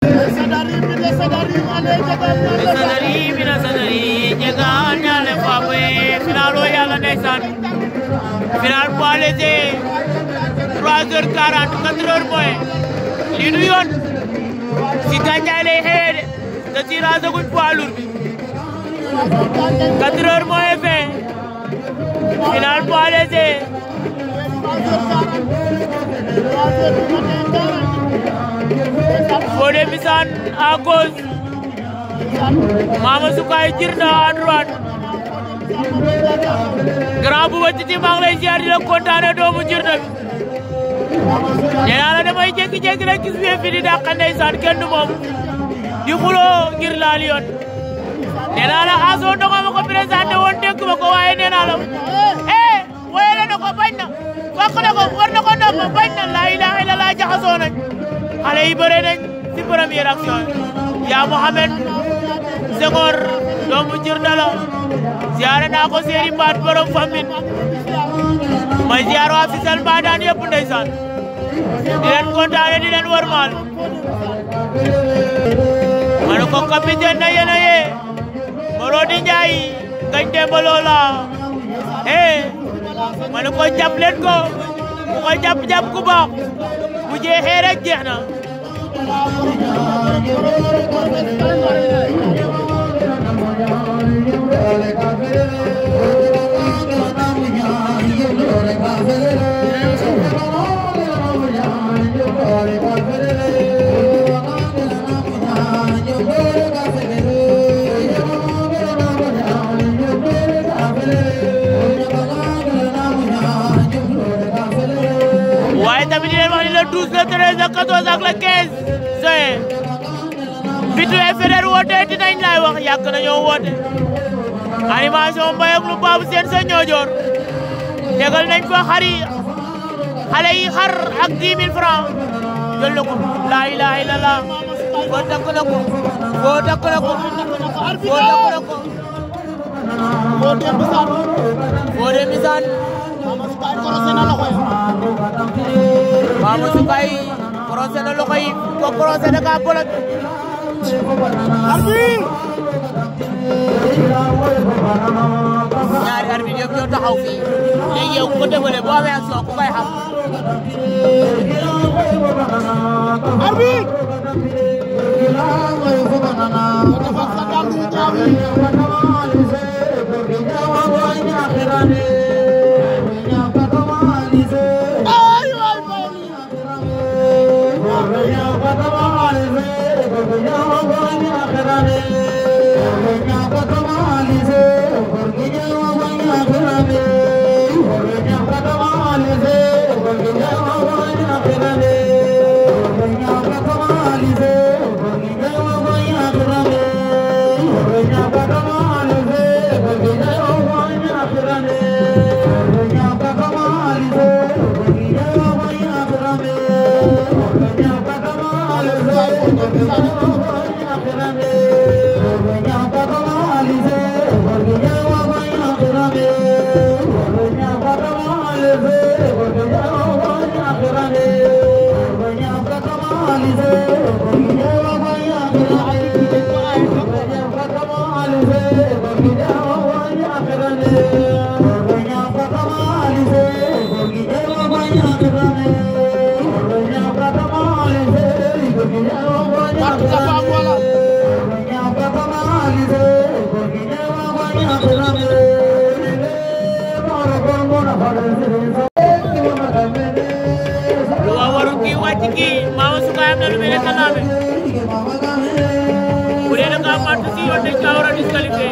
final bu allégé 3h40 4h mooy lii du yoon si gàncax lay xëyee de te si raasaguñ poids lourd bi 4h mooy 20 Mbisaan à gauche Mama Sukaay Jirna à droite Grand Bouba di la doomu Jirna bi nee naa la damay jékki-jékki rek gis ngeen fi di dàqa di xuloo ngir laal yoon nee naa la aso ndongo ma ko présenté woon dégg ma ko waaye nee naa la eh woyale na ko bañ xale yi ci première action yaa Mohamed Senghor doomu Jirnda la ziare naa ko seeri mbaat borom famin may ziar waa Fissel Mbadane yëpp ndeysaan di leen kontaane di leen ma ne ko capitaine na yéen a yee Morodi Ndiaye gañ demba loola eh ma ne ko jàpp leen ko ku ko jàpp jàpp ku baax bu jeexee rek jeex نا پرياي رور کاست ميناي 16 juin Bitouye Feder woote dinañ lay wax yàgg nañoo woote animation mbay ak lu baabu seen sa ñoojoor tegal nañ ko xar xale yi xar ak 10 000 francs jël na ko laa ilaha illallah boo takk na ko boo takk ko boo takk na ko boo dem bisaan boo dem bisaan Mamadou Kaye korosé na loxo yi Mamadou Kaye croisé na loxo yi ko ka bolok arbitre ñaari arbitre yëpp ñoo taxaw fii léegi yow ko defalee boo amee action ku koy xam part to see your next hour at Iskali Agar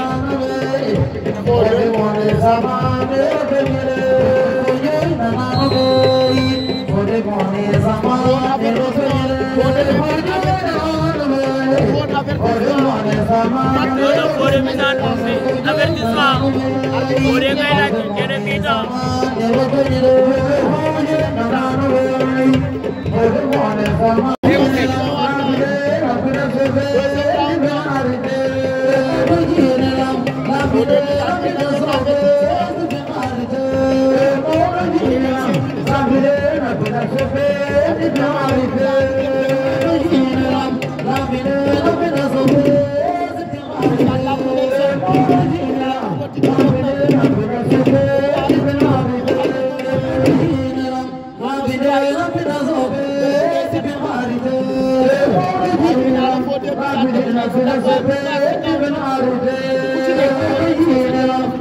this one, Korea guy like Jeremy Dog.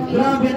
g r a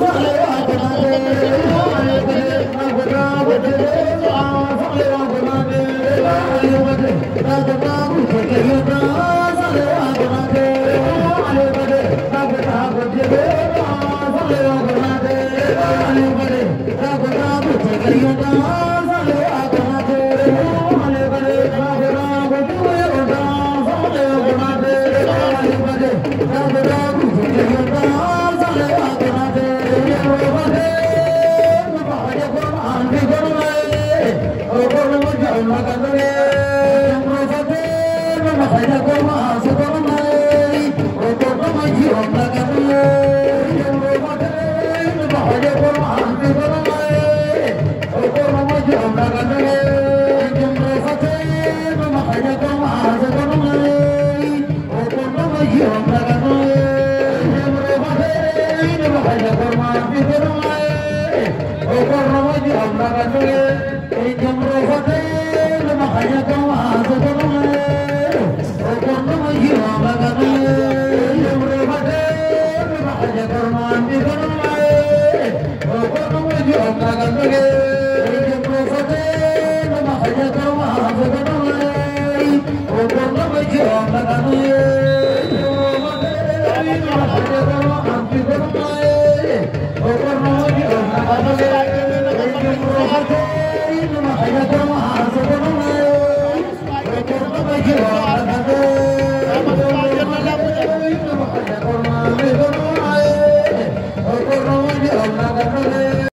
मेडा वग़ैरे रुपया मतलबु Amen.